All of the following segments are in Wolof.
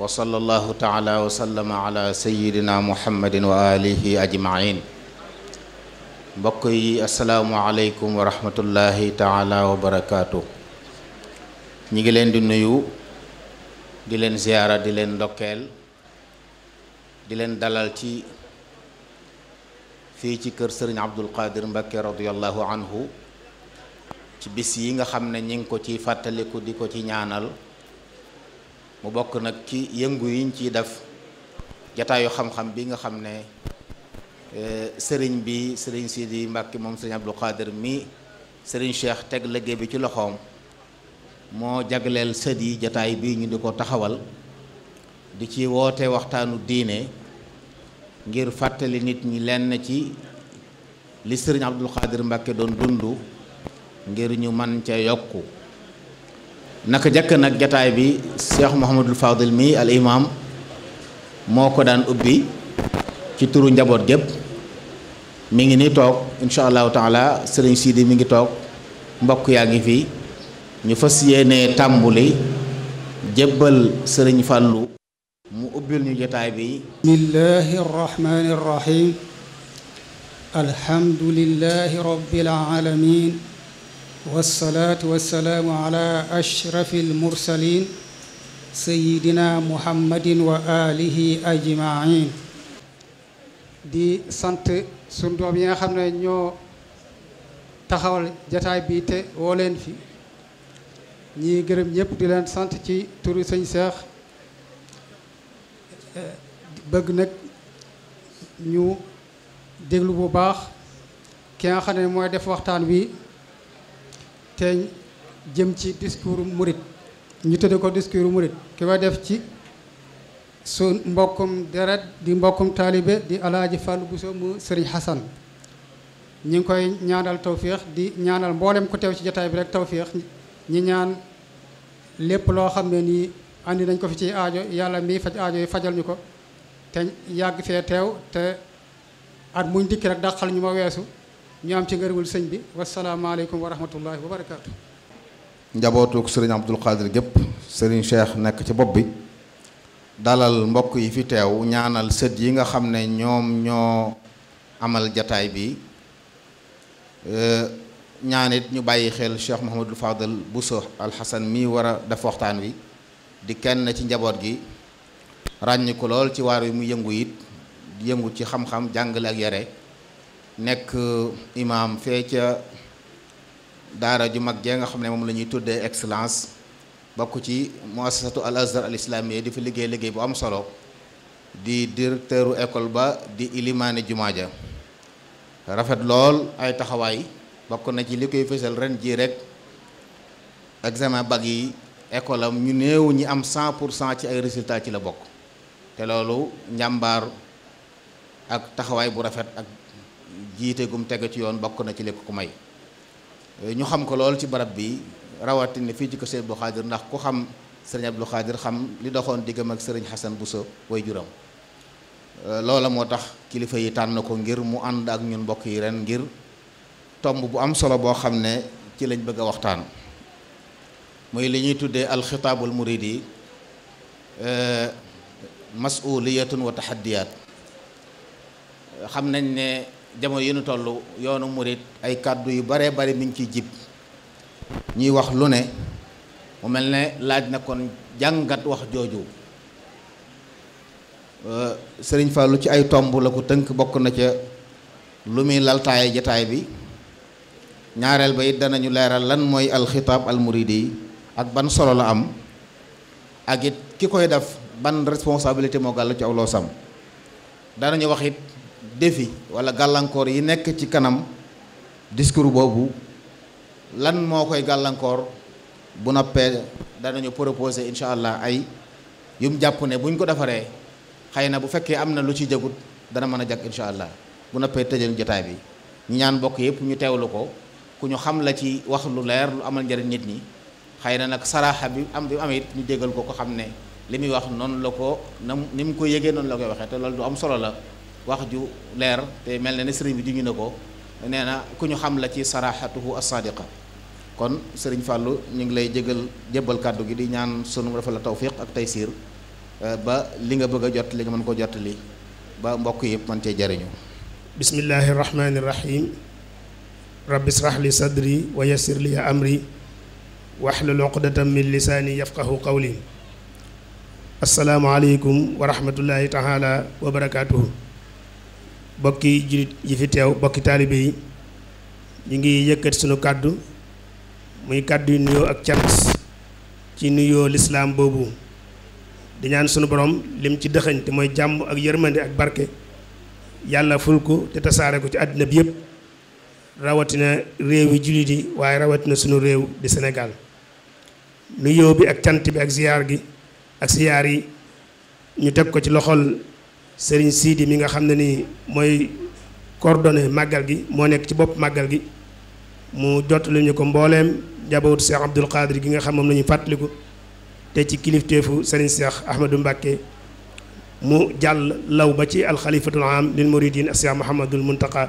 wa sallallahu taala wa sallama ala sayidina muhammadin wa alihi ajmain mbokk yi asalaamualeykum wa rahmatullahi taala wa barakaatu ñi ngi leen di nuyu di leen ziyaara di leen ndokkeel di leen dalal ci fii ci kër sëriñ abdul qadir mbakke radiallahu anhu ci bis yi nga xam ne ñi ngi ko ci fàttaliku di ko ci ñaanal mu bokk nag ci yëngu yiñ ciy def jataayu xam-xam bi nga xam ne eh, sëriñ bi sëriñ Sidi Mbàkke moom sëriñ Abdou Khadir mi sëriñ Cheikh teg liggéey bi ci loxoom moo jagleel sët jataay bii ñu di ko taxawal di ci woote waxtaanu diine ngir fàttali nit ñi lenn ci li sëriñ Abdou Khadir Mbàkke doon dund ngir ñu man ca yokku naka jëkk nag jataay bi Cheikh Mouhamadul Fadil mi al imam moo ko daan ubbi ci turu njaboot gépp mu ngi ni toog incha allahu taala sëriñ Sidi mi ngi toog mbokk yaa ngi fi ñu fas yéenee tàmbuli jébbal sëriñ Fàllu mu ubbil ñu jataay bi bismillahi arrahmani arrahim alhamdulillahi rabbil alamin wasalaatu wasalaamu ala ashrafi almursalin sayidina muhammadin wa alihi ajmain di sant sunu doom nga xam ne ñoo taxawal jataay bi te woo leen fi ñiy gërëm ñëpp di leen sant ci turi sëñ Seex bëgg nag ñu déglu bu baax ki nga xam ne mooy def waxtaan wi teeñ jëm ci discours murit ñu tëdd ko discours murit ki ko def ci su mbokkum deret di mbokkum taalibe di alaaji Fàllu Buso mu sëriñ Xasan ñi ngi koy ñaanal tawféex di ñaanal mboolem ku teew ci jataay bi rek tawféex ñi ñaan lépp loo xam ne nii andi nañ ko fi ci aajo yàlla mii faj aajo yi fajal ñu ko te yàgg fee teew te at muñ dikk rek dàqal ñu ma weesu ñaam ci ngërëmul sëñ bi wasalaamaaleykum wa rahmatullahi wa barakaatu. njabootuk sëriñ Abdul Xaadir gépp sëriñ Cheikh nekk ci bopp bi dalal mbokk yi fi teew ñaanal sët yi nga xam ne ñoom ñoo amal jataay bi euh, ñaanit ñu bàyyi xel Cheikh Mouhamadul Fadal Bousso Alxasan mi war a def waxtaan wi di kenn ci njaboot gi ràññiku lool ci waar wi mu yëngu it yëngu ci xam-xam jàngale ak yare nekk imaam fee ca daara ju mag jee nga xam ne moom la ñuy tuddee excellence bokk ci muassasatu al azhar al islamiyya di fi liggéey liggéey bu am solo di directeuru école ba di ilimaani jumaa ja rafet lool ay taxawaay bokk na ci li koy fësal ren jii rek examen bac yi école am ñu néew ñi am 100 pour cent ci ay résultats ci la bokk te loolu njàmbaar ak taxawaay bu rafet ak jiite gum tege ci yoon bokk na ci li ko ko may ñu xam ko lool ci barab bi rawatina fii ci ko Sëriñ Abdou Khadir ndax ku xam Sëriñ Abdou Khadir xam li doxoon diggam ak Sëriñ Xasan bu Bousso way juram euh, loola moo tax kilifa yi tànn ko ngir mu ànd ak ñun mbokk yi ren ngir tomb bu am solo boo xam ne ci lañ bëgg a waxtaan muy li ñuy tuddee alxitaabul muridi euh, masuliyatun wa taxaddiyaat xam nañ ne jamono yi nu toll yoonu murit ay kàddu yu baree bari mi ngi ciy jib ñuy wax lu ne mu mel ne laaj na kon jàngat wax jooju euh, sëriñ Fallou ci ay tomb la ko tënk bokk na ca lu muy laltaaye jataay bi ñaareel ba it danañu leeral lan mooy alxitaab almuridi yi ak ban solo la am ak it ki koy def ban responsabilité moo gàll ci aw loo sam danañu défi wala gàllankoor yi nekk ci kanam discours boobu lan moo koy gàllankoor bu noppee danañu proposer incha allah ay yum jàpp ne buñ ko defaree xëy na bu fekkee am na lu ci jagut dana mën a jàkk incha allah bu noppee tëjal jataay bi ñaan mbokk yëpp ñu teewlu ko ku ñu xam la ci wax lu leer lu amal njëriñ nit ñi xëy na nag saraaxa bi am bi am it ñu déggal ko ko xam ne li muy wax noonu la ko na ni mu ko yëgee noonu la koy waxee te loolu du am solo la wax ju leer te mel na ni sëriñ bi juñu na ko nee na ku ñu xam la ci saraxatuhu as-sadiqa kon sëriñ Fàllu ñu ngi lay jégal jébbal kàddu gi di ñaan sunu dafa la tawfiq ak taysiir eh, ba li nga bëgg a jot li nga mën ko jot li ba mbokk yëpp mën cee jariñu bismillahi rahmaani rahim rabbi israh li sadri wa yassir li amri wahlul uqdatan min lisaani yafqahu qawli assalaamu aleykum wa rahmatullahi taala bokki jullit yi fi teew bokki taalibe yi ñu ngi yëkkat sunu kàddu muy kàddu yu nuyoo ak cant ci nuyoo lislaam boobu di ñaan sunu borom lim ci dëxëñ te mooy jàmm ak yërmandi ak barke yàlla ful ko te tasaare ko ci àddina bi yëpp rawatina réew yi jullit yi waaye rawatina sunu réew di senegal nuyoo bi ak cant bi ak ziyaar gi ak ziyaar yi ñu teg ko ci loxol sëriñ Sidi mi nga xam ne nii mooy coordonné màggal gi moo nekk ci bopp màggal gi mu jottali ñu ko mbooleem njabootu Cheikh Abdoul Khadir gi nga xam la ñu fàttaliku te ci kilifteefu sëriñ Cheikh Ahmadou Mbacké mu jàll law ba ci alxalifatul am lil muridin Cheikh Mouhamadul Muntaqa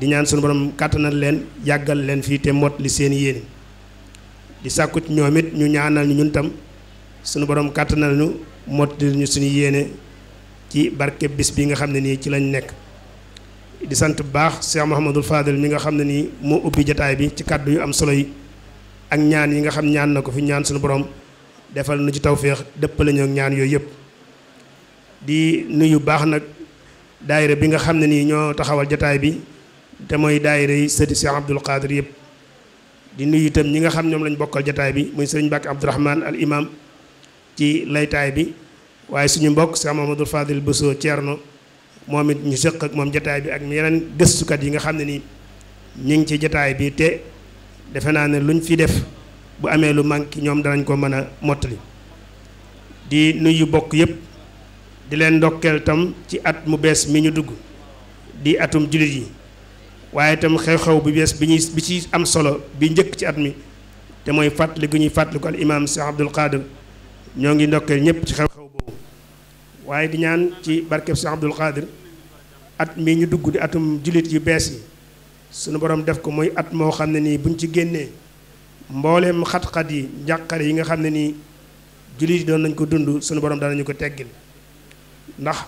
di ñaan sunu borom kàttanal leen yàggal leen fii te mot li seen yéene di sàkku ci ñoom it ñu ñaanal ñu ñun tam sunu borom na ñu mot li ñu suñu yéene. ci barke bis bi nga xam ne nii ci lañ nekk di sant bu baax Cheikh Mouhamadul Fadel mi nga xam ne nii moo ubbi jataay bi ci kàddu yu am solo yi ak ñaan yi nga xam ñaan na ko fi ñaan suñu borom defal na ci tawféex dëppale ñoo ñaan yooyu yëpp di nuyu baax nag daayira bi nga xam ne nii ñoo taxawal jataay bi te mooy daayre yi sëti Cheikh Abdoul Qadir yëpp di nuyu itam ñi nga xam ñoom lañ bokkal jataay bi muy sëriñ Mbàkke Abdourahman al imam ci laytaay bi waaye suñu mbokk moom Cheikh Mamadou Fadil Bousso Thierno moom it ñu sëq ak moom jataay bi ak yeneen gëstukat yi nga xam ne ni ñu ngi ci jataay bi te defe naa ne luñ fi def bu amee lu manqué ñoom danañ ko mën a mottali di nuyu bokk yépp di leen ndokkeel tam ci at mu bees mi ñu dugg di atum jullit yi waaye tam xew-xew bu bees bi ñuy bi ci am solo bi njëkk ci at mi te mooy fàttali gu ñuy fàttaliku al imaam Cheikh Abdoul Qadir ñoo ngi ndokkeel ñëpp ci xew. waaye di ñaan ci barkeb Sëñ Abdul Xaadir at mii ñu dugg di atum jullit yu bees yi sunu borom def ko mooy at moo xam ne nii buñ ci génnee mbooleem xat-xat yi njàqare yi nga xam ne nii jullit yi doon nañ ko dund sunu borom danañu ko teggil ndax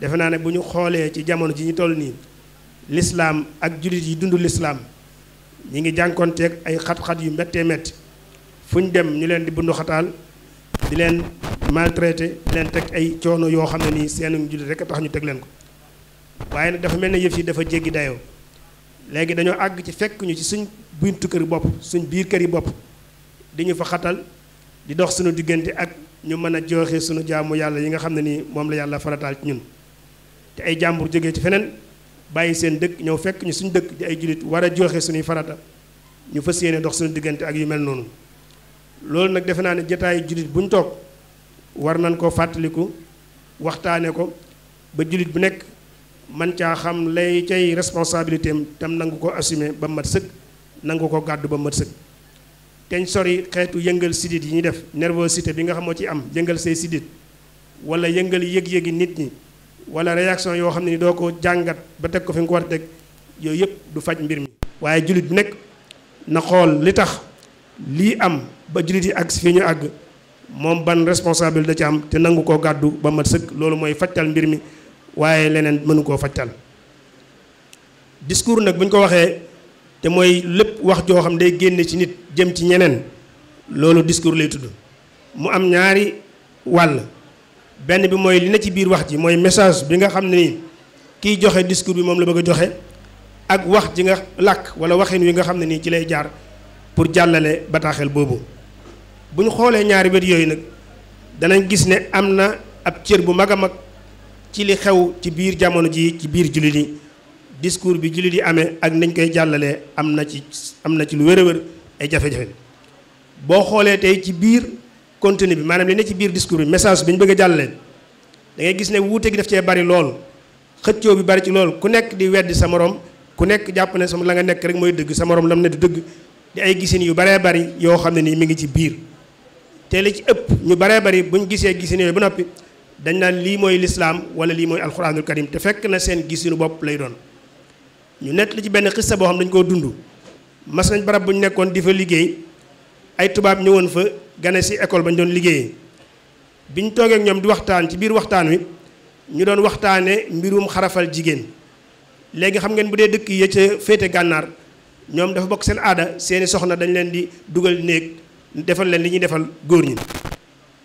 defe naa ne bu ñu xoolee ci jamono ji ñu toll nii lislaam ak jullit yi dund lislaam ñi ngi jànkonteeg ay xat-xat yu méttee métti fu ñu dem ñu leen di bunduxataal di leen maltraité di leen teg ay coono yoo xam ne nii seen njullit rek a tax ñu teg leen ko waaye nag dafa mel ne yëf yi dafa jéggi dayoo léegi dañoo àgg ci fekk ñu ci suñ buntu kër bopp suñ biir kër yi bopp di ñu fa xatal di dox suñu diggante ak ñu mën a joxe suñu jaamu yàlla yi nga xam ne nii moom la yàlla farataal ci ñun te ay jàmbur jógee ci feneen bàyyi seen dëkk ñëw fekk ñu suñ dëkk di ay jullit war a joxe suñuy farata ñu fas yéene dox suñu diggante ak yu mel noonu loolu nag defe naa ne jotaayu jullit bu ñu toog war nañ koo fàttaliku waxtaane ko ba jullit bu nekk man caa xam lay cay responsabilité am tam nangu ko assumer ba mat sëkk nangu ko gàddu ba mat sëkk teñ sori xeetu yëngal sidit yi ñuy def nervosité bi nga xam moo ci am yëngal say sidit wala yëngal yëg-yëgi nit ñi wala réaction yoo xam ne ni doo ko jàngat ba teg ko fi nga war a yooyu yëpp du faj mbir mi waaye jullit bu nekk na xool li tax lii am ba jullit yi àgg fii ñu àgg moom ban responsable da ci am te nangu koo gàddu ba mat sëkk loolu mooy fajtal mbir mi waaye leneen mënu koo fajtal diskuur nag bu ñu ko waxee te mooy lépp wax joo xam day génne ci nit jëm ci ñeneen loolu diskuur lay tudd mu am ñaari wàll benn bi mooy li na ci biir wax ji mooy message bi nga xam ne nii kiy joxe discours bi moom la bëgg a joxe ak wax ji nga làkk walla waxin wi nga xam ne nii ci lay jaar pour jàllale bataaxel boobu bu ñu xoolee ñaari wet yooyu nag danañ gis ne am na ab cër bu mag a mag ci li xew ci biir jamono ji ci biir jullit yi discours bi jullit di amee ak nañ koy jàllalee am na ci am na ci lu wér a wér ay jafe-jafe boo xoolee tey ci biir contenu bi maanaam li ne ci biir discours bi message bi ñu bëgg a jàllalee gis ne wuute gi daf cee bari lool xëccoo bi bari ci loolu ku nekk di weddi sa morom ku nekk jàpp ne sama la nga nekk rek mooy dëgg sa morom lam ne du dëgg di ay gisin yu baree bari yoo xam ne nii mi ngi ci biir te li ci ëpp ñu baree bari buñ gisee gisin yooyu ba noppi dañ naan lii mooy lislaam wala lii mooy alxuraanul karim te fekk na seen gisinu bopp lay doon ñu nett li ci benn xissa boo xam dañ koo dund mas nañ barab bu nekkoon di fa liggéey ay tubaab ñëwoon fa gane si école ba ñu doon liggéeyee biñ toogee ak ñoom di waxtaan ci biir waxtaan wi ñu doon waxtaanee mbirum xarafal jigéen léegi xam ngeen bu dee dëkk ya ca féete gànnaar ñoom dafa bokk seen aada seeni soxna dañu leen di dugal néeg defal leen li ñuy defal góor ñi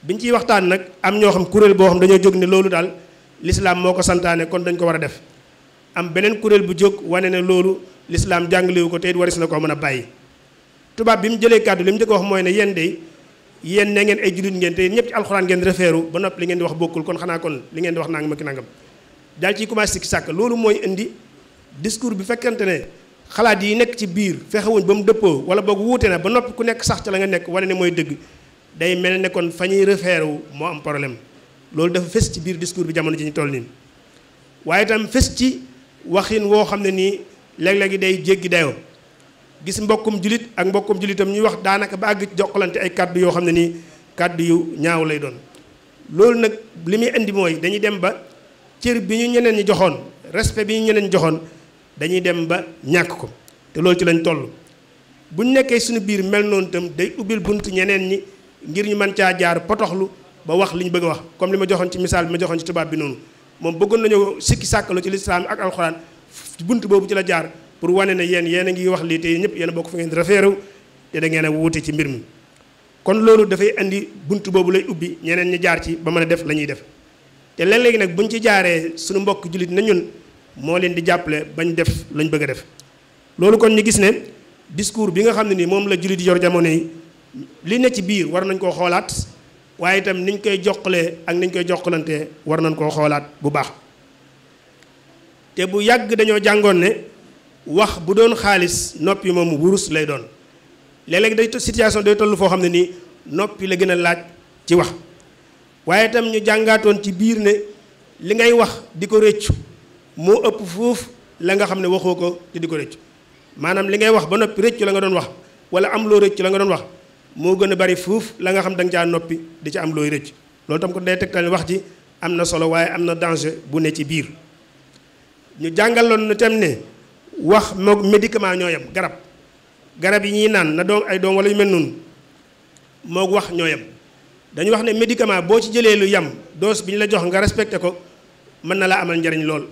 biñ ciy waxtaan nag am ñoo xam kuréel boo xam dañoo jóg ne loolu daal lislaam moo ko santaane kon dañ ko war a def am beneen kuréel bu jóg wane ne loolu lislaam jàngalewu ko te it na koo mën a bàyyi tubaab bi mu jëlee kàddu li mu njëkk wax mooy ne yéen de yéen ne ngeen ay jullit ngeen te ñëpp ci alxuraan ngeen refeeru ba noppi li ngeen di wax bokkul kon xanaa kon li ngeen di wax nangam ak nangam daal ciy commencé sikki sàkk loolu mooy indi discours bi fekkante ne xalaat yi nekk ci biir fexe ba mu dëppoo wala boog wuute na ba noppi ku nekk sax ca la nga nekk wane ne mooy dëgg day mel ne kon fa ñuy refeere moo am problème loolu dafa fës ci biir discours bi jamono ji ñu toll nii waaye itam fës ci waxin woo xam ne nii léeg-léegi day jéggi dayoo gis mbokkum julit ak mbokkum julitam ñuy wax daanaka ba àgg jokkalante ay kàddu yoo xam ne nii kàddu yu ñaaw lay doon loolu nag li muy indi mooy dañuy dem ba cër bi ñu ñeneen ñi joxoon respect bi ñu ñeneen joxoon dañuy dem ba ñàkk ko te loolu ci lañ toll bu ñu nekkee suñu biir mel noonu itam day ubbil bunt ñeneen ñi ngir ñu mën caa jaar potoxlu ba wax li ñu bëgg a wax comme li ma joxoon ci misaal bi ma joxoon ci tubaab bi noonu moom bëggoon nañoo sikki sàkkalu ci lislaam ak alxuraan bunt boobu ci la jaar pour wane na yéen yéen ngi wax lii te ñëpp yéen bokk fa ngeen rafeerew te da ngeen a wuute ci mbir mi kon loolu dafay indi bunt boobu lay ubbi ñeneen ñi jaar ci ba mën a def la ñuy def te léeg-léegi nag buñ ci jaaree suñu mbokk jullit na ñun moo leen di jàppale bañ def lañ bëgg a def loolu kon ñu gis ne discours bi nga xam ne ni moom la jullit di yor jamono yi li ne ci biir war nañ koo xoolaat waaye itam niñ koy joxalee ak niñ koy joxalantee war nañ koo xoolaat bu baax te bu yàgg dañoo jàngoon ne wax bu doon xaalis noppi moom wurus lay doon léeg-léeg day situation day toll foo xam ne nii noppi la gën a laaj ci wax waaye itam ñu jàngaatoon ci biir ne li ngay wax di ko rëccu moo ëpp fuuf la nga xam ne waxoo ko te di ko rëcc maanaam li ngay wax ba noppi rëcc la nga doon wax wala am loo rëcc la nga doon wax moo gën a bari fuuf la nga xam danga nga noppi di ci am looy rëcc loolu tam ko day tegtal wax ji am na solo waaye am na danger bu ne ci biir ñu jàngaloon na tam wax moog médicament ñoo yem garab garab yi ñuy naan na doom ay doom wala yu mel noonu moog wax ñoo yem dañu wax ne médicament boo ci jëlee lu yem dose bi ñu la jox nga respecté ko mën na laa amal njariñ lool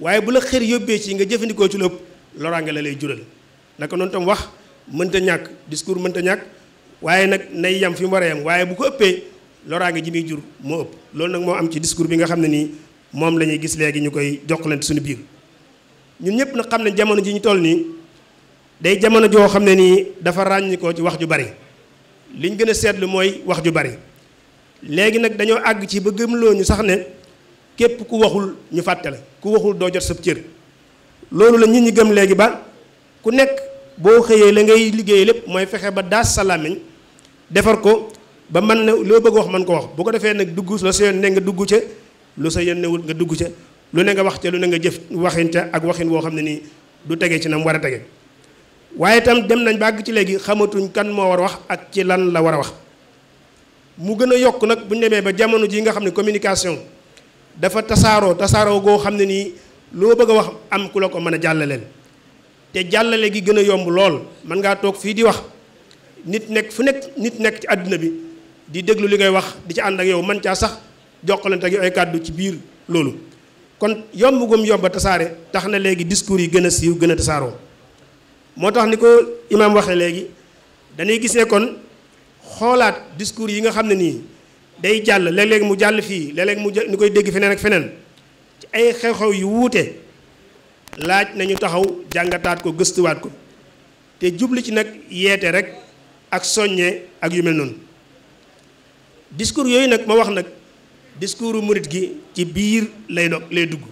waaye bu la xër yóbbee ci nga jëfandikoo ci lépp loraange la lay jural naka noonu tam wax mënta ñàkk discours mënta ñàkk waaye nag nay yam fi mu war a waaye bu ko ëppee loraange ji muy jur moo ëpp loolu nag moo am ci discours bi nga xam ne nii moom lañuy gis léegi ñu koy jokkalante suñu biir ñun ñëpp na xam ne jamono ji ñu toll nii day jamono joo xam ne nii dafa ràññikoo ci wax ju bari liñ gën a seetlu mooy wax ju bari léegi nag dañoo àgg ci ba gëmloo ñu sax ne képp ku waxul ñu fàttale ku waxul doo jot sa cër loolu la nit ñi gëm léegi ba ku nekk boo xëyee la ngay liggéey lépp mooy fexe ba daas sa làmmiñ defar ko ba man ne loo bëgg wax mën ko wax bu ko defee nag dugg la sa yoon ne nga dugg ca lu sa yoon nga dugg ca lu ne nga wax ca lu ne nga jëf waxin ca ak waxin woo xam ne nii du tege ci nam war a tege waaye itam dem nañ bàgg ci léegi xamatuñ kan moo war a wax ak ci lan la war a wax mu gën a yokk nag bu ñu demee ba jamono jii nga xam ne communication dafa tasaaroo tasaaroo goo xam ne nii loo bëgg a wax am ku la ko mën a jàllaleen te jàllale gi gën a yomb lool mën ngaa toog fii di wax nit nekk fu nekk nit nekk ci àdduna bi di déglu li ngay wax di ci ànd ak yow man caa sax jokkalante ak ay kàddu ci biir loolu kon yomb gum yomba tasaare tax na léegi discours yi gën a siiw gën a tasaaroo moo tax ni ko imaam waxee léegi danay gisee kon xoolaat discours yi nga xam ne nii day jàll léeg-léeg mu jàll fii léeg-léeg mu ñu koy dégg feneen ak feneen ci ay xew-xew yu wuute laaj nañu taxaw jàngataat ko gëstuwaat ko te jublu ci nag yeete rek ak soññe ak yu mel noonu discours yooyu nag ma wax nag discoursu murit gi ci biir lay dog lay dugg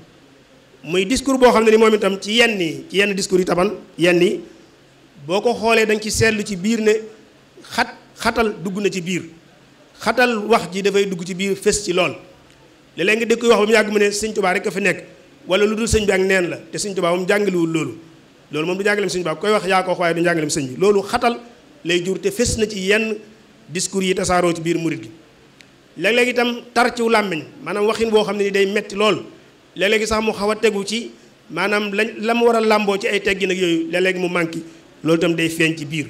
muy discours boo xam ne ni moom itam ci yenn yi ci yenn discours yi taban yenn yi boo ko xoolee dañ ci seetlu ci biir ne xat xatal dugg na ci biir xatal wax ji dafay dugg ci biir fés ci lool léeg-léeg nga dégg koy wax ba mu yàgg mu ne sëñ tubaa rek a fi nekk wala lu dul sëñ bi ak neen la te sëñ tubaa mu jàngaliwul loolu loolu moom du jàngalem sëñ tubaa koy wax yaa ko wax waaye du jàngalem sëñ bi loolu xatal lay jur te fés na ci yenn discours yi tasaaroo ci biir murit gi léeg-léeg itam tar ciw làmmiñ maanaam waxin boo xam ne ni day metti lool léeg-léeg sax mu xaw a tegu ci maanaam lañ la mu war a làmboo ci ay teggin yooyu léeg mu manqué loolu itam day feeñ ci biir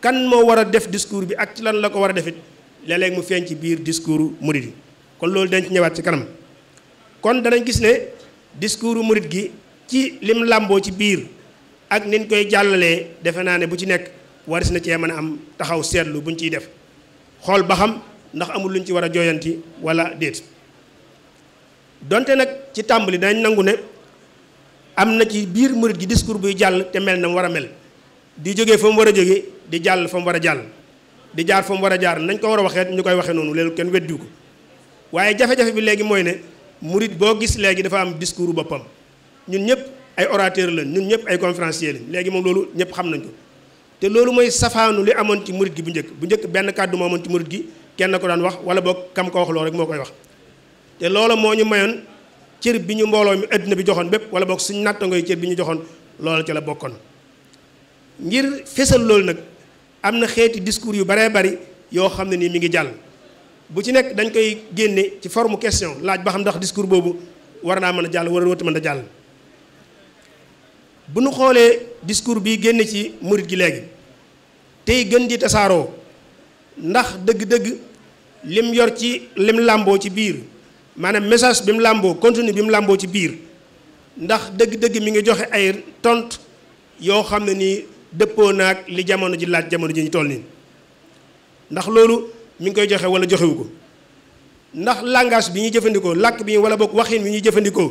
kan moo war a def discours bi ak ci lan la ko war a defit léeg mu feeñ ci biir discours murid yi kon loolu dañ ci ñëwaat ci kanam kon danañ gis ne discours murid gi ci lim làmboo ci biir ak niñ koy jàllalee defe naa ne bu ci nekk waris na cee mën a am taxaw seetlu buñ ciy def xool ba xam ndax amul luñ ci war a jooyanti wala déet donte nag ci tàmbali dañ nangu ne am na ci biir murid gi discours buy jàll te mel na mu war a mel di jóge fa mu war a jóge di jàll fa mu war a jàll di jaar fa mu war a jaar nañ ko war a waxeet ñu koy waxee noonu léegi kenn weddiwu ko waaye jafe-jafe bi léegi mooy ne murit boo gis léegi dafa am discours boppam ñun ñëpp ay orateur lañ ñun ñëpp ay conférencier lañ léegi moom loolu ñëpp xam nañ ko te loolu mooy safaanu li amoon ci murit gi bu njëkk bu njëkk benn kàddu moo amoon ci murit gi kenn ko daan wax wala boog kam ko wax loo rek moo koy wax te loola moo ñu mayoon cër bi ñu mbooloo mi àddina bi joxoon bépp wala boog suñu nattangooy cër bi ñu joxoon loola ci la ngir fesal loolu nag am na xeeti discours yu baree bari yoo xam ne nii mi ngi jàll bu ci nekk dañ koy génne ci forme question laaj ba xam ndax discours boobu war naa mën a jàll wala wata mën a jàll bu nu xoolee discours bi génn ci murit gi léegi tey gën di tasaaroo ndax dëgg-dëgg lim yor ci lim làmboo ci biir maanaam message bi mu làmboo contenu bi mu làmboo ci biir ndax dëgg-dëgg mi ngi joxe ay tont yoo xam ne nii dëppoo naag li jamono ji laaj jamono ji ñu toll nii ndax loolu mu ngi koy joxe wala joxewu ko ndax langage bi ñuy jëfandikoo làkk bi wala boog waxin bi ñuy jëfandikoo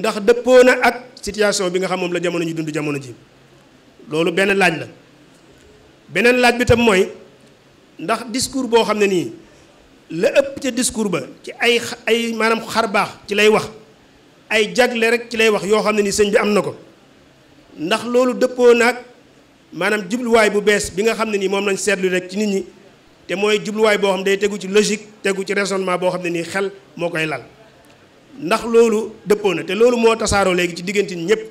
ndax dëppoo na ak situation bi nga xam moom la jamono ñu dund jamono ji loolu benn laaj la beneen laaj bi tam mooy ndax discours boo xam ne nii la ëpp ca discours ba ci ay ay maanaam xar baax ci lay wax ay jagle rek ci lay wax yoo xam ne nii sëñ bi am na ko ndax loolu dëppoo naag maanaam jubluwaay bu bees bi nga xam ne nii moom lañ seetlu rek ci nit ñi te mooy jubluwaay boo xam ne day tegu ci logique tegu ci raisonnement boo xam ne nii xel moo koy lal ndax loolu dëppoo na te loolu moo tasaaroo léegi ci diggante ñëpp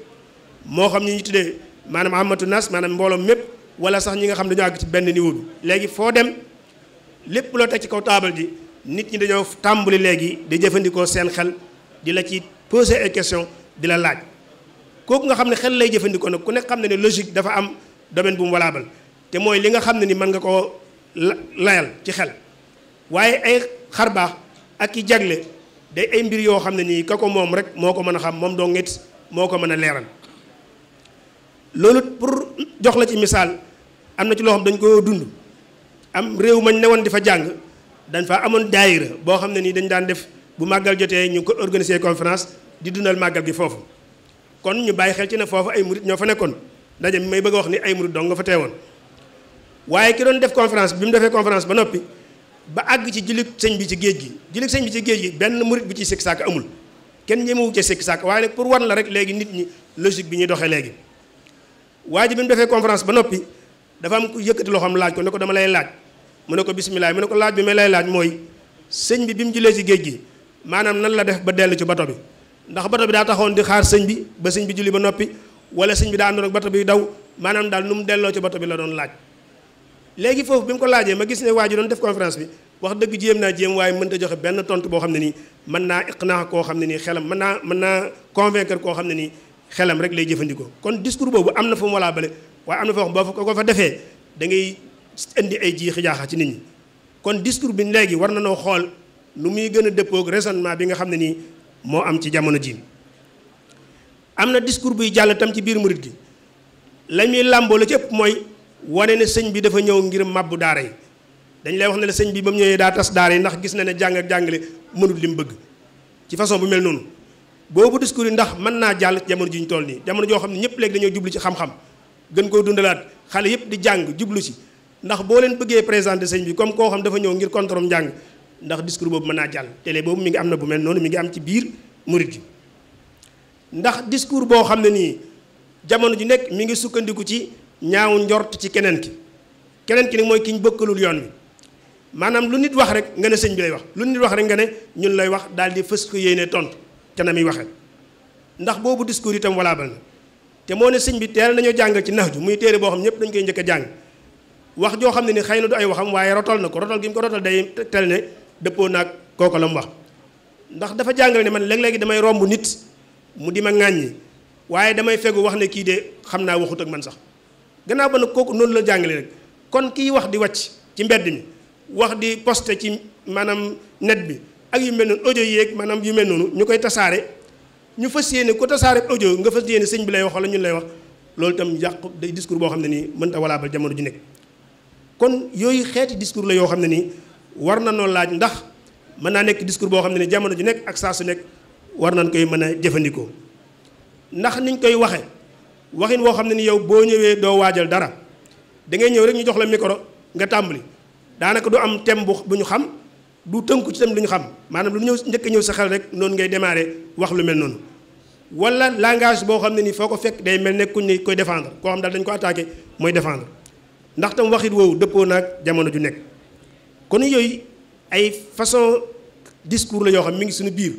moo xam ñi ñu tuddee maanaam amatu nas maanaam mbooloom mépp wala sax ñi nga xam dañoo àgg ci benn niveau bi léegi foo dem lépp loo teg ci kaw taabal ji nit ñi dañoo tàmbali léegi di jëfandikoo seen xel di la ci poser ay question di la laaj kooku nga xam ne xel lay jëfandikoo nag ku nekk xam ne ne dafa am domaine bu mu valable te mooy li nga xam ne ni man nga koo layal ci xel waaye ay xar baax ak i jagle day ay mbir yoo xam ne nii ka ko moom rek moo ko mën a xam moom doo ngit moo ko mën a leeral loolu pour jox la ci misaal am na ci loo xam dañ ko dund am réew mañ ne woon di fa jàng dañ fa amoon daayira boo xam ne nii dañ daan def bu màggal jotee ñu ko organiser conférence di dundal màggal gi foofu kon ñu bàyyi xel ci ne foofu ay murit ñoo fa nekkoon daje mi may bëgg a wax ni ay murid don nga fa teewoon waaye ki doon def conférence bi mu defee conférence ba noppi ba àgg ci jullit sëñ bi ci géej gi jullit sëñ bi ci géej gi benn murid bi ci sikk sàkk amul kenn ñemewu ca sikk sàkk waaye nag pour wan la rek léegi nit ñi logique bi ñuy doxee léegi waa ji bi mu defee conférence ba noppi dafa am ku yëkkati loxoom laaj ko ne ko dama lay laaj mu ne ko bisimilah mu ne ko laaj bi may lay laaj mooy sëñ bi bi mu jullee ci géej gi maanaam nan la def ba dellu ci bato bi ndax bato bi daa taxoon di xaar sëñ bi ba sëñ bi julli ba noppi wala sëñ bi daa àndoon ak bato bi daw maanaam daal nu mu delloo ci bato bi la doon laaj léegi foofu bi mu ko laajee ma gis ne waa ji doon def conférence bi wax dëgg jéem naa jéem waaye mënta joxe benn tontu boo xam ne nii mën naa iqnaa koo xam ne nii xelam mën naa mën naa convaincre koo xam ne nii xelam rek lay jëfandikoo kon discours boobu am na fu mu walaa bale waaye am na foo xam boo fa ko fa defee da ngay indi ay jiixi jaaxa ci nit ñi kon discours bi léegi war na noo xool nu muy gën a dëppoog raisonnement bi nga xam ne nii moo am ci jamono ji am na discours buy jàll tam ci biir murit gi la ñuy làmboo la ëpp mooy wane ne sëñ bi dafa ñëw ngir màbbu daara yi dañ lay wax ne la sëñ bi ba mu ñëwee daa tas daara yi ndax gis na ne jàng ak jàngale mënut li mu bëgg ci façon bu mel noonu boobu discours yi ndax mën naa jàll jamono ji ñu toll nii jamono joo xam ne ñëpp léegi dañoo jublu ci xam-xam gën koo dundalaat xale yëpp di jàng jublu ci ndax boo leen bëggee présenté sëñ bi comme koo xam dafa ñëw ngir kontrom njàng ndax discours boobu mën naa jàll boobu mi ngi am na bu mel noonu mi ngi am ci biir murit gi ndax discours boo xam ne nii jamono ju nekk mu ngi sukkandiku ci ñaaw njort ci keneen ki keneen ki nag mooy ki ñu bëkkalul yoon wi maanaam lu nit wax rek nga ne sëñ bi lay wax lu nit wax rek nga ne ñun lay wax daal di fës ko yéene tontu te na muy ndax boobu discours itam valable na te moo ne sëñ bi teel nañoo jàngal ci nax ju muy téere boo xam ñëpp dañ koy njëkk a jàng wax joo xam ne ni xëy na du ay waxam waaye rotal na ko rotal gi mu ko rotal day tel ne dëppoo naag kooku la mu wax ndax dafa jàngal ne man léegi damay romb nit mu di ma ŋàññi waaye damay fegu wax ne kii de xam naa waxut ak man sax gannaaw ba nag kooku noonu la jàngale rek kon kii wax di wàcc ci mbedd mi wax di poste ci maanaam net bi ak yu mel noonu audio yeeg maanaam yu mel noonu ñu koy tasaare ñu fas yéene ko tasaare audio nga fas yéene sëñ bi lay wax wala ñun lay wax loolu itam yàqu day discours boo xam ne nii mënta walaabal jamono ju nekk kon yooyu xeeti discours la yoo xam ne nii war na noo laaj ndax mën naa nekk discours boo xam ne nii jamono ju nekk ak saa su nekk war nañ koy mën a jëfandikoo ndax niñ koy waxe waxin woo xam ne ni yow boo ñëwee doo waajal dara da ngay ñëw rek ñu jox la micro nga tàmbali daanaka du am thème bu bu ñu xam du tënku ci tam lu ñu xam maanaam lu ñëw njëkk ñëw sa xel rek noonu ngay démarrer wax lu mel noonu wala langage boo xam ne nii foo ko fekk day mel ne kuñ ne koy défendre koo xam daal dañ ko attaqué mooy défendre ndax tam waxit woowu dëppoo naag jamono ju nekk kon yooyu ay façon discours la yoo xam mi ngi suñu biir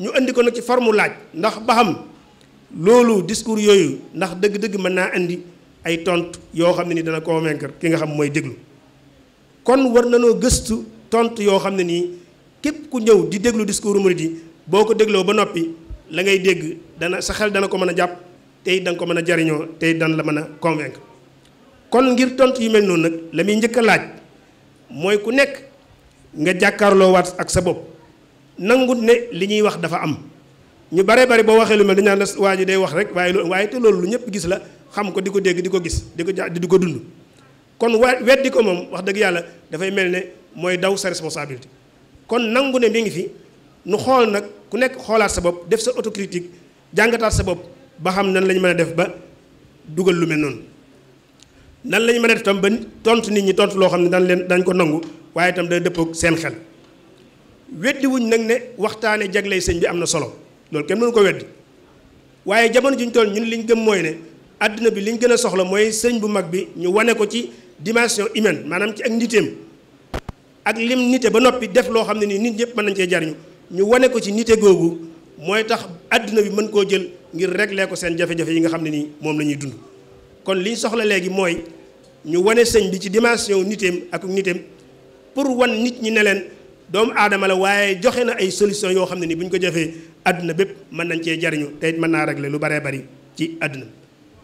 ñu indi ko nag ci forme laaj ndax ba xam loolu discours yooyu ndax dëgg-dëgg mën naa indi ay tont yoo xam ne ni dana convaincre ki nga xam mooy déglu kon war noo gëstu tont yoo xam ne nii képp ku ñëw di déglu discours murid yi boo ko dégloo ba noppi la ngay dégg dana sa xel dana ko mën a jàpp tey danga ko mën a jariñoo tey dana la mën a convaincre kon ngir tont yu mel noonu nag la muy njëkk a laaj mooy ku nekk nga jàkkaarloo waat ak sa bopp nangu ne li ñuy wax dafa am ñu bare bari boo waxee lu mel dañu naan la waa ji day rek waaye loolu waaye te loolu ñëpp gis la xam ko di ko dégg di ko gis di ko ja ko dund kon waa weddi ko moom wax dëgg yàlla dafay mel ne mooy daw sa responsabilité kon nangu ne mi ngi fi nu xool nag ku nekk xoolaat sa bopp def sa autocritique jàngataat sa bopp ba xam nan lañ mën a def ba dugal lu mel noonu nan lañ mën a def tam ba tontu nit ñi tontu loo xam ne dañ leen dañ ko nangu waaye itam day dëppoog seen xel weddi nag ne waxtaane jagley sëñ bi am na solo loolu kenn mënu ko weddi waaye jamono ji ñu ñun liñ gëm mooy ne àdduna bi liñ gën a soxla mooy sëñ bu mag bi ñu wane ko ci dimension humaine maanaam ci ak niteem ak lim nite ba noppi def loo xam ne nii nit ñëpp nañ cee jariñu ñu wane ko ci nite googu mooy tax àdduna bi mën koo jël ngir régler ko seen jafe yi nga xam ne nii moom la ñuy dund kon liñ soxla léegi mooy ñu wane sëñ bi ci dimension niteem ak niteem pour wan nit ñi ne leen doomu aadama la waaye joxe na ay solution yoo xam ne nii bu ñu ko jëfee àdduna bépp mën nañ cee jariñu te mën naa régler lu bare bari ci àdduna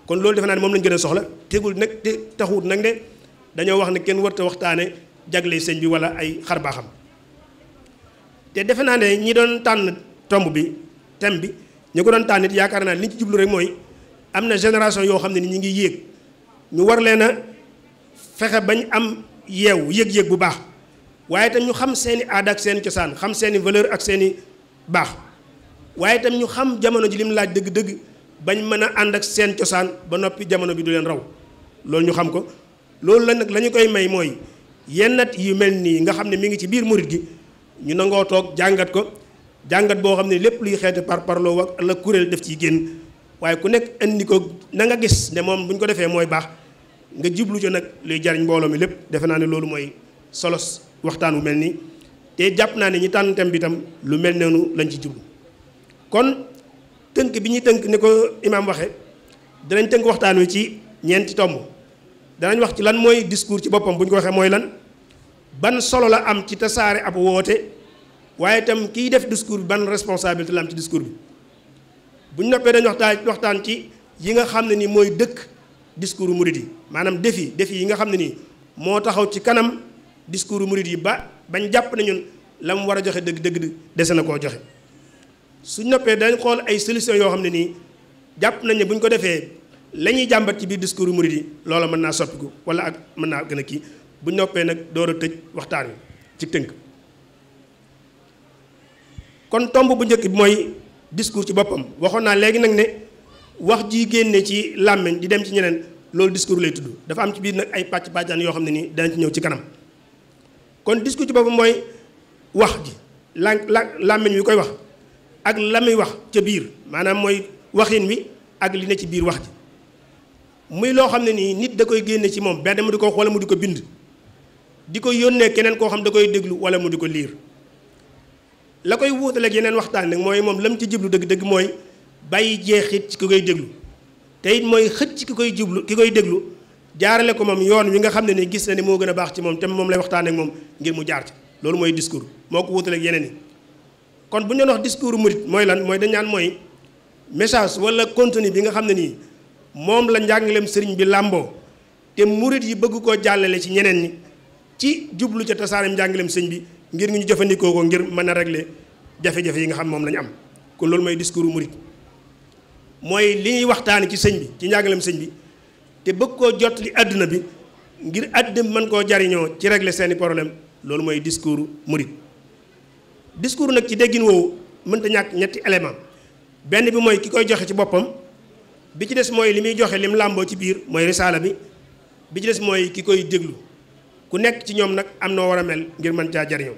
kon loolu defe naa ne moom lañ gën a soxla tegul nag te taxut nag ne dañoo wax ne kenn warta waxtaane jagle sëñ bi wala ay xar baaxam te defe naa ne ñi doon tànn tomb bi thème bi ñu ko doon tànn it yaakaar naa li ñu ci jublu rek mooy am na génération yoo xam ne ni ñu ngi yéeg ñu war leen a fexe bañ am yeewu yéeg-yéeg bu baax waaye itam ñu xam seeni i aada ak seen cosaan xam seeni valeur ak seeni baax waaye itam ñu xam jamono ji lim laaj dëgg-dëgg bañ mën a ànd ak seen cosaan ba noppi jamono bi du leen raw loolu ñu xam ko loolu la nag lañu koy may mooy yennat yu mel nii nga xam ne mi ngi ci biir murit gi ñu nangoo toog jàngat ko jàngat boo xam ne lépp luy xeeti par parloo ak la kuréel def ciy génn waaye ku nekk indi ko na nga gis ne moom bu ñu ko defee mooy baax nga jiblu ci nag luy jariñ mbooloo mi lépp defe naa ne loolu mooy solos waxtaan wu mel nii te jàpp naa ne ñi tànn thème bi tam lu mel noonu lañ ci jublu kon tënk bi ñuy tënk ni ko imaam waxe danañ tënk waxtaan wi ci ñeenti tomb danañ wax ci lan mooy discours ci boppam bu ñu ko waxee mooy lan ban solo la am ci tasaare ab woote waaye itam kiy def discours bi ban responsabilité la am ci discours bi bu ñu noppee dañ waxtaan waxtaan ci yi nga xam ne ni mooy dëkk discours murid yi maanaam défi défi yi nga xam ne nii moo taxaw ci kanam discours murid yi ba bañ jàpp ne la mu war a joxe dëgg dëgg dese na koo joxe su noppee dañ xool ay solution yoo xam ne nii jàpp nañ ne bu ñu ko defee lañuy jàmbat ci biir discours murid yi loola mën naa soppiku wala ak mën naa gën a kii bu noppee nag door a tëj waxtaan wi ci tënk. kon tomb bu njëkk bi mooy discours ci boppam waxoon naa léegi nag ne wax ji génne ci làmmiñ di dem ci ñeneen loolu discours lay tudd dafa am ci biir nag ay pàcc pàccaan yoo xam ne nii danañ ñëw ci kanam. kon discours ci boppam mooy wax ji la làmmiñ wi koy wax ak la muy wax ca biir maanaam mooy waxin wi ak li ne ci biir wax ji muy loo xam ne nii nit da koy génne ci moom benn mu di ko wax wala mu di ko bind di ko yónnee keneen koo xam da koy déglu wala mu di ko liir la koy wuutaleeg yeneen waxtaan nag mooy moom lam ci jiblu dëgg-dëgg mooy bàyyi jeexit ci ki koy déglu tey it mooy xëcc ki koy jublu ki koy déglu jaarale ko moom yoon wi nga xam ne ni gis na ni moo gën a baax ci moom te moom lay waxtaan moom ngir mu jaar ci loolu mooy discours moo ko wutale ak kon bu ñu wax discours murit mooy lan mooy dañ mooy message wala contenu bi nga xam ne nii moom la njàngaleem sëriñ bi làmboo te murit yi bëgg koo jàllale ci ñeneen ñi ci jublu ca tasaareem njàngaleem sëriñ bi ngir ñu jëfandikoo ko ngir mën a régler jafe yi nga xam moom la am kon loolu mooy discours murit mooy li ñuy waxtaani ci sëñ bi ci njàngaleem sëñ bi te bëgg koo jot li àddina bi ngir àddina mën koo jariñoo ci régler seeni problème loolu mooy discours murid discours nag ci déggin woowu mënta ñàkk ñetti élément benn bi mooy ki koy joxe ci boppam bi ci des mooy li muy joxe lim làmboo ci biir mooy risaala bi bi ci des mooy ki koy déglu ku nekk ci ñoom nag am noo war a mel ngir mën caa jariñoo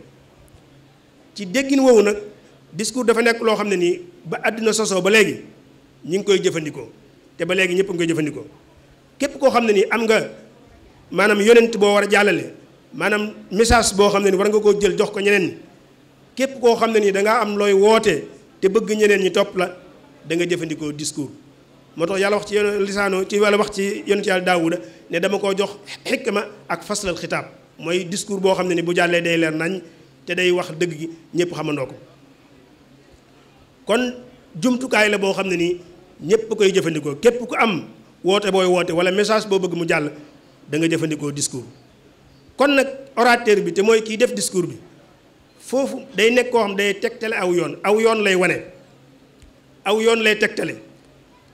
ci déggin woowu nag discours dafa nekk loo xam ne nii ba àddina sosoo ba léegi ñu ngi koy jëfandikoo te ba léegi ñëpp ngi jëfandikoo képp koo xam ne nii am nga maanaam yonent boo war a jàllale maanaam message boo xam ne ni war nga koo jël jox ko ñeneen képp koo xam ne nii da am looy woote te bëgg ñeneen ñi topp la da nga jëfandikoo discours. moo tax yàlla wax ci yoon lisaano ci wàlla wax ci yonent yàlla daawuda ne dama koo jox ma ak faslal xitaab mooy discours boo xam ne ni bu jàllee day leer nañ te day wax dëgg gi ñëpp xamandoo ko kon jumtukaay la boo xam ne nii ñëpp koy jëfandikoo képp ku am. woote booy woote wala message boo bëgg mu jàll dangay nga jëfandikoo discours kon nag orateur bi te mooy kiy def discours bi foofu day nekk koo xam day tegtale aw yoon aw yoon lay wane aw yoon lay tegtale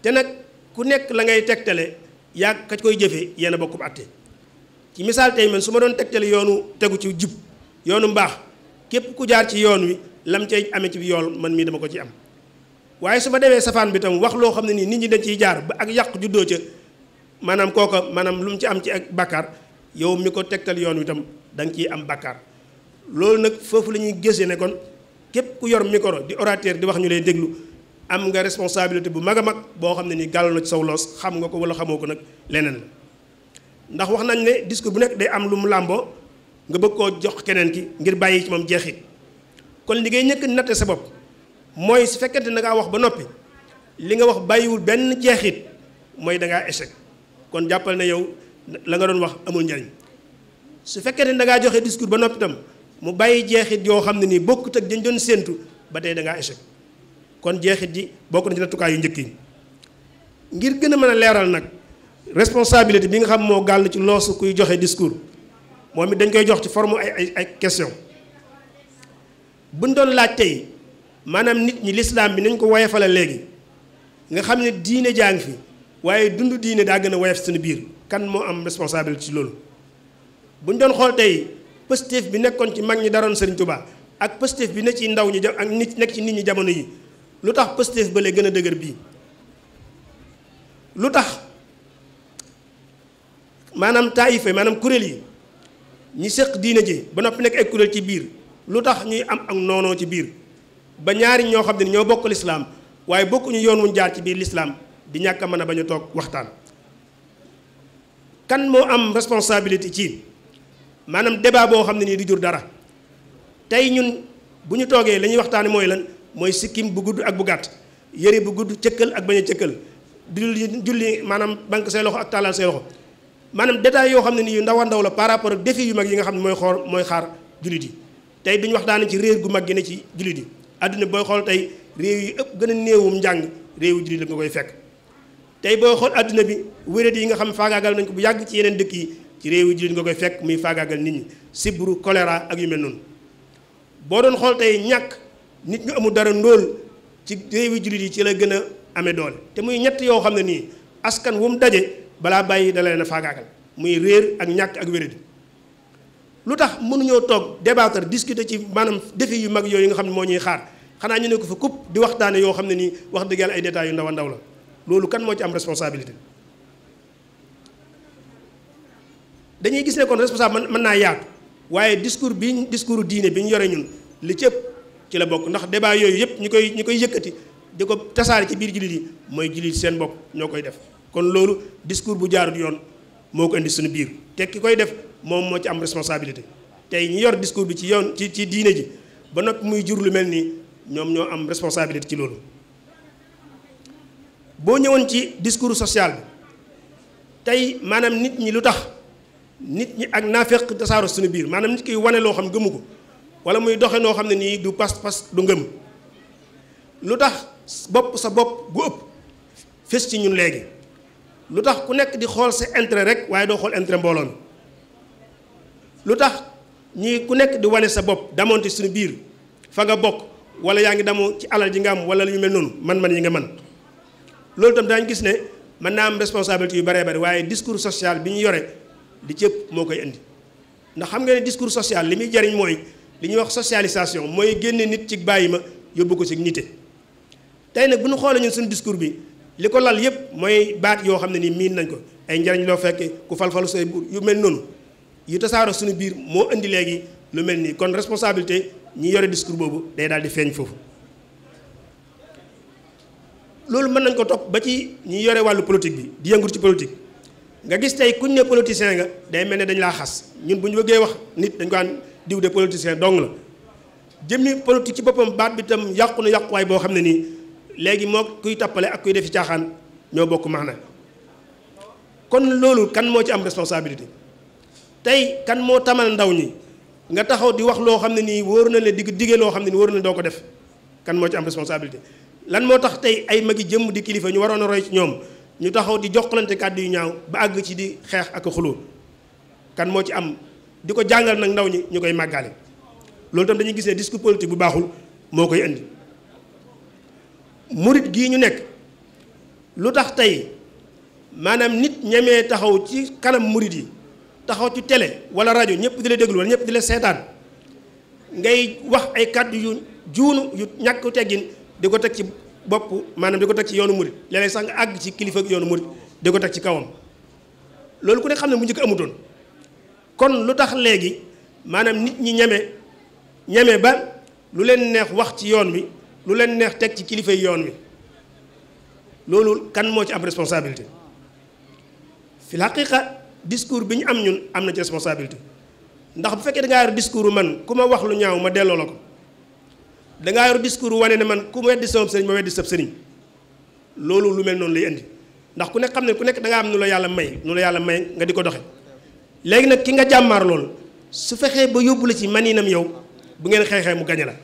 te nag ku nekk la ngay tegtale yaa ka koy jëfee yéen a bokk bu àtte ci misaal tey man su ma doon tegtale yoonu tegu ci jub yoonu mbaax képp ku jaar ci yoon wi lam cay amee ci yool man mii dama ko ci am waaye su ma demee safaan bi tam wax loo xam ne nii nit ñi dañ ciy jaar ba ak yàq juddoo ca maanaam kooka maanaam lu mu ci am ci ak bàkkaar yow mi ko tegtal yoon wi tam da nga ciy am bàkkaar loolu nag foofu la ñuy gisee nekkoon képp ku yor micro di orateur di wax ñu lay déglu am nga responsabilité bu mag a mag boo xam ne nii gàll na ci saw loos xam nga ko wala xamoo ko nag leneen la ndax wax nañ ne discours bu nekk day am lu mu làmboo nga bëgg koo jox keneen ki ngir bàyyi ci moom jeexit kon li ñëkk natte sa bopp mooy su fekkente ni dangaa wax ba noppi li nga wax bàyyiwul benn jeexit mooy da ngaa échec kon jàppal na yow la nga doon wax amul njariñ su fekkee ne da ngaa joxe discours ba noppi tam mu bàyyi jeexit yoo xam ne nii bokkut ak dañ doon séentu ba tey dangaa échec kon jeexit ji bokk na ci nattukaay yu njëkk yi ngir gën a mën a leeral nag responsabilité bi nga xam moo gàll ci loosu kuy joxe diskuur moom it dañ koy jox ci forme ay ay ay question buñ doon laaj tey. maanaam nit ñi lislaam bi nañ ko woyefalal léegi nga xam ne diine jaa ngi fi waaye dund diine daa gën a woyef seen biir kan moo am responsabilité ci loolu buñ doon xool tey positif bi nekkoon ci mag ñi daroon Sëriñ Tuubaa ak positif bi ne ci ndaw ñi ak nit nekk ci nit ñi jamono yi lu tax positif ba gën a dëgër bii lu tax maanaam taayife maanaam kuréel yi ñi séq diine ji ba noppi nekk ay kuréel ci biir lu tax ñuy am ak noonoo ci biir ba ñaari ñoo xam ne ñoo bokk lislaam waaye bokkuñu yoon wuñ jaar ci biir lislaam di ñàkk a mën a bañ a toog waxtaan kan moo am responsabilité ci maanaam débat boo xam ne nii du jur dara tey ñun bu ñu toogee la ñuy waxtaane mooy lan mooy sikkim bu gudd ak bu gàtt yëre bu gudd cëkkal ak bañ a cëkkal julli julli maanaam banque say loxo ak tàllal say loxo maanaam détails yoo xam ne nii yu ndaw ndaw la par rapport ak défi yu mag yi nga xam ne mooy xool mooy xaar jullit yi tey duñu ci réer gu mag gi ci jullit yi àdduna booy xool tey réew yi ëpp gën a néewum njàng réewu jullit la nga koy fekk tey booy xool àdduna bi wéréd yi nga xam faagaagal nañ ko bu yàgg ci yeneen dëkk yi ci réewu jullit nga koy fekk muy faagaagal nit ñi sibru choléra ak yu mel noonu boo doon xool tey ñàkk nit ñu amul dara ndóol ci réewu jullit yi ci la gën a amee doole te muy ñett yoo xam ne nii askan wu mu daje balaa bàyyi da leen a faagaagal muy réer ak ñàkk ak wéréd lu tax mënuñoo toog débattre discuter ci maanaam défi yu mag yooyu nga xam ne moo ñuy xaar xanaa ñu ne ko fa kupp di waxtaane yoo xam ne nii wax dëgg yàlla ay détails yu ndaw la loolu kan moo ci am responsabilité dañuy gis ne kon man mën naa yaatu waaye discours bi discours diine bi ñu yore ñun li cëpp ci la bokk ndax débat yooyu yëpp ñu koy ñi koy yëkkati di ko tasaare ci biir jullit yi mooy jullit seen bopp ñoo koy def kon loolu discours bu jaarut yoon moo ko indi suñu biir te ki koy def moom moo ci am responsabilité tey ñi yor discours bi ci yoon ci ci diine ji ba noppi muy jur lu mel nii ñoom ñoo am responsabilité ci loolu boo ñëwoon ci discours sociale bi tey maanaam nit ñi lu tax nit ñi ak naafeq tasaaro suñu biir maanaam nit kiy wane loo xam gëmu ko wala muy doxe noo xam ne nii du pas-pas du ngëm lu tax bopp sa bopp bu ëpp fés ci ñun léegi lu tax ku nekk di xool sa intérêt rek waaye doo xool intre mbooloo mi lu tax ñi ku nekk di wane sa bopp damoonte suñu biir fa nga bokk wala yaa ngi damu ci alal ji nga am wala lu ñu mel noonu man-man yi nga man loolu tam daañ gis ne mën naa am responsabilité yu baree bari waaye discours social bi ñu yore di ci moo koy indi ndax xam nga ne discours social li muy jariñ mooy li ñuy wax socialisation mooy génne nit ci bàyyi ma yóbbu ko ci nité tey nag bu ñu xoolee ñun suñu discours bi li ko lal yëpp mooy baat yoo xam ne nii miin nañ ko ay njariñ loo fekk ku falfalu say buur yu mel noonu yu tasaaroo suñu biir moo indi léegi lu mel nii kon responsabilité ñi yore discours boobu day daal di feeñ foofu loolu mën nañ ko topp ba ci ñi yore wàllu politique bi di yëngu ci politique nga gis tey kuñ ne politicien nga day mel ne dañ laa xas ñun bu ñu bëggee wax nit dañ ko aan diw de politicien dong la jëmmi politique ci boppam baat bi itam yàqu na yàquwaay boo xam ne nii léegi moo kuy tappale ak kuy def ci caaxaan ñoo bokk maana kon loolu kan moo ci am responsabilité tey kan moo tamal ndaw ñi nga taxaw di wax loo xam ne nii wóor na la di digge loo xam ne nii wóor na doo ko def kan moo ci am responsabilité lan moo tax tey ay magi jëmm di kilifa ñu waroon a roy ci ñoom ñu taxaw di jokkalante kàddu yu ñaaw ba àgg ci di xeex ak xulóo kan moo ci am di ko jàngal nag ndaw ñi ñu koy màggaale loolu tam dañuy gisee ne bu baaxul moo koy indi murit gii ñu nekk lu tax tey maanaam nit ñeme taxaw ci kanam murit yi taxaw ci télé wala rajo ñëpp di la déglu wala ñëpp di la seetaan ngay wax ay kàddu yu juunu yu ñàkk teggin di ko teg ci bopp maanaam di ko teg ci yoonu murit léeg-léeg sax nga àgg ci kilifa yoonu murit di ko teg ci kawam loolu ku ne xam ne bu njëkk amutoon kon lu tax léegi maanaam nit ñi ñeme ñeme ba lu leen neex wax ci yoon wi lu leen neex teg ci kilifa yi yoon wi loolu kan moo ci am responsabilité fi la xaqiqa discours bi ñu am ñun am na ci responsabilité ndax bu fekkee da ngaa yor discours man ku ma wax lu ñaaw ma delloo la ko da ngaa yor wane ne man ku ma weddi sama sëriñ ma weddi sab sëriñ loolu lu mel noonu lay indi ndax ku nekk xam ne ku nekk da ngaa am nu la yàlla may nu la yàlla may nga di ko doxe léegi nag ki nga jàmmaar loolu su fexee ba yóbbu la ci man maninam yow bu ngeen xeexee mu gañe la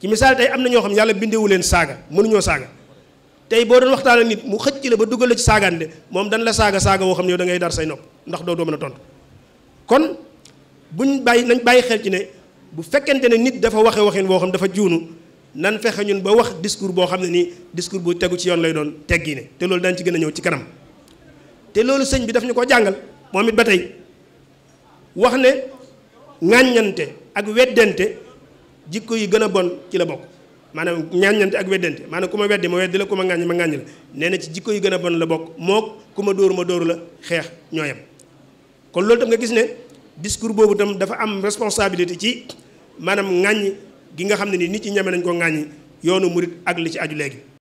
ci misaal tey am na ñoo xam yàlla bindewu leen saaga mënuñoo saaga tey boo doon waxtaan nit mu xëcc la ba duggal la ci saagaan de moom dañ la saaga saaga woo xam ne da ngay dar say nopp ndax doo doo mën kon buñ bàyyi nañ bàyyi xel ci ne bu fekkente ne nit dafa waxe waxin boo xam dafa juunu nan fexe ñun ba wax discours boo xam ne nii discours bu tegu ci yoon lay doon teggi te loolu dañ ci gën a ñëw ci kanam te loolu sëñ bi daf ñu ko jàngal moom it ba tey wax ne ŋàññante ak weddente jikko yi gën a bon ci la bokk maanaam ñaañante ak weddante maanaam ku ma weddi ma weddi la ku ma ŋàññ ma ŋàññ la nee na ci jikko yi gën a bon la bokk mook ku ma dóoru ma dóoru la xeex ñoo yem kon loolu tam nga gis ne discours boobu tam dafa am responsabilité ci maanaam ŋàññ gi nga xam ne ni nit ñi ñeme nañ ko ŋàññi yoonu murit ak li ci aju léegi